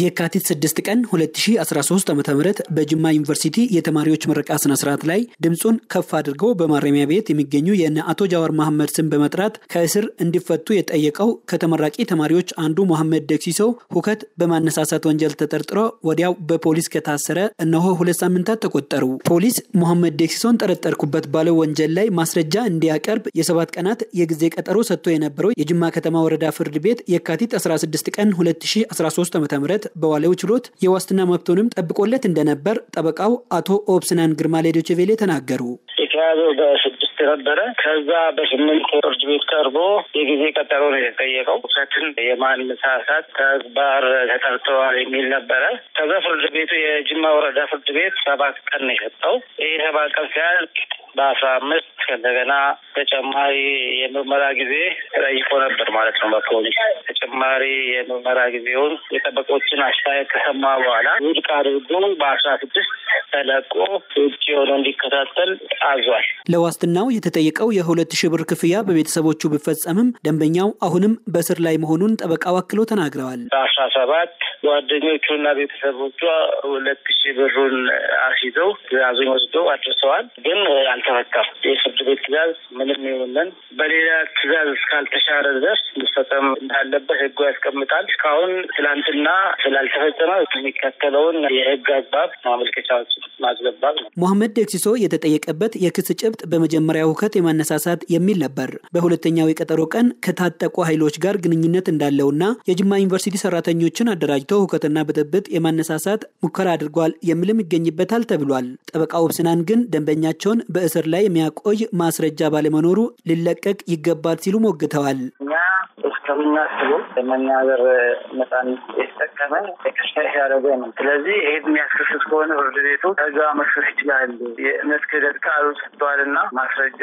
የካቲት 6 ቀን 2013 ዓ ም በጅማ ዩኒቨርሲቲ የተማሪዎች ምረቃ ስነ ስርዓት ላይ ድምፁን ከፍ አድርገው በማረሚያ ቤት የሚገኙ የነ አቶ ጃዋር መሐመድ ስም በመጥራት ከእስር እንዲፈቱ የጠየቀው ከተመራቂ ተማሪዎች አንዱ መሐመድ ደክሲሶ ሁከት በማነሳሳት ወንጀል ተጠርጥሮ ወዲያው በፖሊስ ከታሰረ እነሆ ሁለት ሳምንታት ተቆጠሩ። ፖሊስ መሐመድ ደክሲሶን ጠረጠርኩበት ባለው ወንጀል ላይ ማስረጃ እንዲያቀርብ የሰባት ቀናት የጊዜ ቀጠሮ ሰጥቶ የነበረው የጅማ ከተማ ወረዳ ፍርድ ቤት የካቲት 16 ቀን 2013 ዓ ም ችሎት በዋለው ችሎት የዋስትና መብቶንም ጠብቆለት እንደነበር ጠበቃው አቶ ኦብስናን ግርማ ለዶይቼ ቬለ ተናገሩ። የተያዘው በስድስት ነበረ። ከዛ በስምንት ፍርድ ቤት ቀርቦ የጊዜ ቀጠሮ ነው የተጠየቀው። ውሰትን የማንሳሳት ተግባር ተጠርተዋል የሚል ነበረ። ከዛ ፍርድ ቤቱ የጅማ ወረዳ ፍርድ ቤት ሰባት ቀን ነው የሰጠው። ይህ ሰባት ቀን ሲያልቅ በአስራ አምስት እንደገና ተጨማሪ የምርመራ ጊዜ ተጠይቆ ነበር ማለት ነው በፖሊስ ተጨማሪ የምርመራ ጊዜውን የጠበቆችን አስተያየት ከሰማ በኋላ ውድቅ አድርጎ በአስራ ስድስት ተለቆ ውጭ የሆነው እንዲከታተል አዟል። ለዋስትናው የተጠየቀው የሁለት ሺህ ብር ክፍያ በቤተሰቦቹ ቢፈጸምም ደንበኛው አሁንም በስር ላይ መሆኑን ጠበቃው አክሎ ተናግረዋል። በአስራ ሰባት ጓደኞቹና ቤተሰቦቿ ሁለት ሺ ብሩን አስይዘው ትዕዛዙን ወስደው አድርሰዋል። ግን አልተፈታም። የፍርድ ቤት ትዕዛዝ ምንም ይሆነን በሌላ ትዕዛዝ እስካልተሻረ ድረስ መፈጸም እንዳለበት ህጉ ያስቀምጣል። እስካሁን ትላንትና ስላልተፈጸመ የሚከተለውን የህግ አግባብ ማመልከቻዎች ማስገባት ነው። ሞሐመድ ደክሲሶ የተጠየቀበት የክስ ጭብጥ በመጀመሪያ ሁከት የማነሳሳት የሚል ነበር። በሁለተኛው የቀጠሮ ቀን ከታጠቁ ኃይሎች ጋር ግንኙነት እንዳለውና የጅማ ዩኒቨርሲቲ ሰራተኞችን አደራጅቶ አስመልክቶ ሁከትና ብጥብጥ የማነሳሳት ሙከራ አድርጓል የሚልም ይገኝበታል ተብሏል። ጠበቃ ውብስናን ግን ደንበኛቸውን በእስር ላይ የሚያቆይ ማስረጃ ባለመኖሩ ሊለቀቅ ይገባል ሲሉ ሞግተዋል። እስከምና እስከምናስበው የመናገር መጣን የተጠቀመ ኤክሰርሳይዝ ያደረገ ነው። ስለዚህ ይሄ የሚያስከስስ ከሆነ ፍርድ ቤቱ ህጋ መስፈር ይችላል። የእምነት ክህደት ቃሉ ሰጥተዋል እና ማስረጃ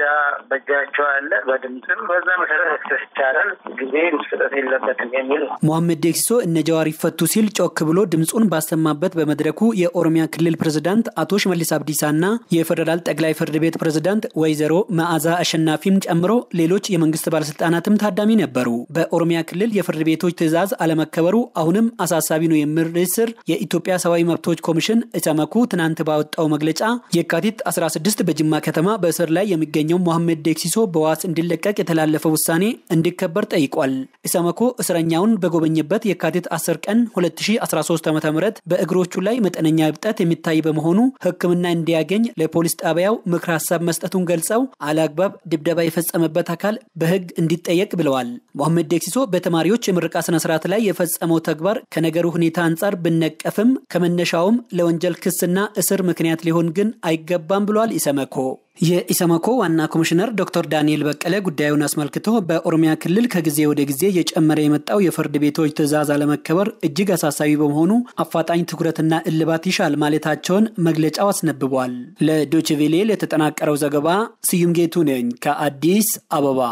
በእጃቸው አለ በድምፅም በዛ መሰረት መስከስ ይቻላል። ጊዜ ምስጠት የለበትም የሚል ነው። ሙሐመድ ደክሶ እነ ጀዋር ይፈቱ ሲል ጮክ ብሎ ድምፁን ባሰማበት በመድረኩ የኦሮሚያ ክልል ፕሬዝዳንት አቶ ሽመልስ አብዲሳ እና የፌዴራል ጠቅላይ ፍርድ ቤት ፕሬዝዳንት ወይዘሮ መዓዛ አሸናፊም ጨምሮ ሌሎች የመንግስት ባለስልጣናትም ታዳሚ ነበሩ። በኦሮሚያ ክልል የፍርድ ቤቶች ትዕዛዝ አለመከበሩ አሁንም አሳሳቢ ነው የሚል ስር የኢትዮጵያ ሰብአዊ መብቶች ኮሚሽን ኢሰመኮ ትናንት ባወጣው መግለጫ የካቲት 16 በጅማ ከተማ በእስር ላይ የሚገኘው ሞሐመድ ዴክሲሶ በዋስ እንዲለቀቅ የተላለፈ ውሳኔ እንዲከበር ጠይቋል። ኢሰመኮ እስረኛውን በጎበኘበት የካቲት 10 ቀን 2013 ዓ.ም በእግሮቹ ላይ መጠነኛ እብጠት የሚታይ በመሆኑ ሕክምና እንዲያገኝ ለፖሊስ ጣቢያው ምክር ሀሳብ መስጠቱን ገልጸው አለአግባብ ድብደባ የፈጸመበት አካል በሕግ እንዲጠየቅ ብለዋል። አህመድ ደክሲሶ በተማሪዎች የምርቃ ስነ ስርዓት ላይ የፈጸመው ተግባር ከነገሩ ሁኔታ አንጻር ብነቀፍም ከመነሻውም ለወንጀል ክስና እስር ምክንያት ሊሆን ግን አይገባም ብሏል ኢሰመኮ። የኢሰመኮ ዋና ኮሚሽነር ዶክተር ዳንኤል በቀለ ጉዳዩን አስመልክቶ በኦሮሚያ ክልል ከጊዜ ወደ ጊዜ እየጨመረ የመጣው የፍርድ ቤቶች ትዕዛዝ አለመከበር እጅግ አሳሳቢ በመሆኑ አፋጣኝ ትኩረትና እልባት ይሻል ማለታቸውን መግለጫው አስነብቧል። ለዶችቬሌ ለተጠናቀረው ዘገባ ስዩም ጌቱ ነኝ ከአዲስ አበባ።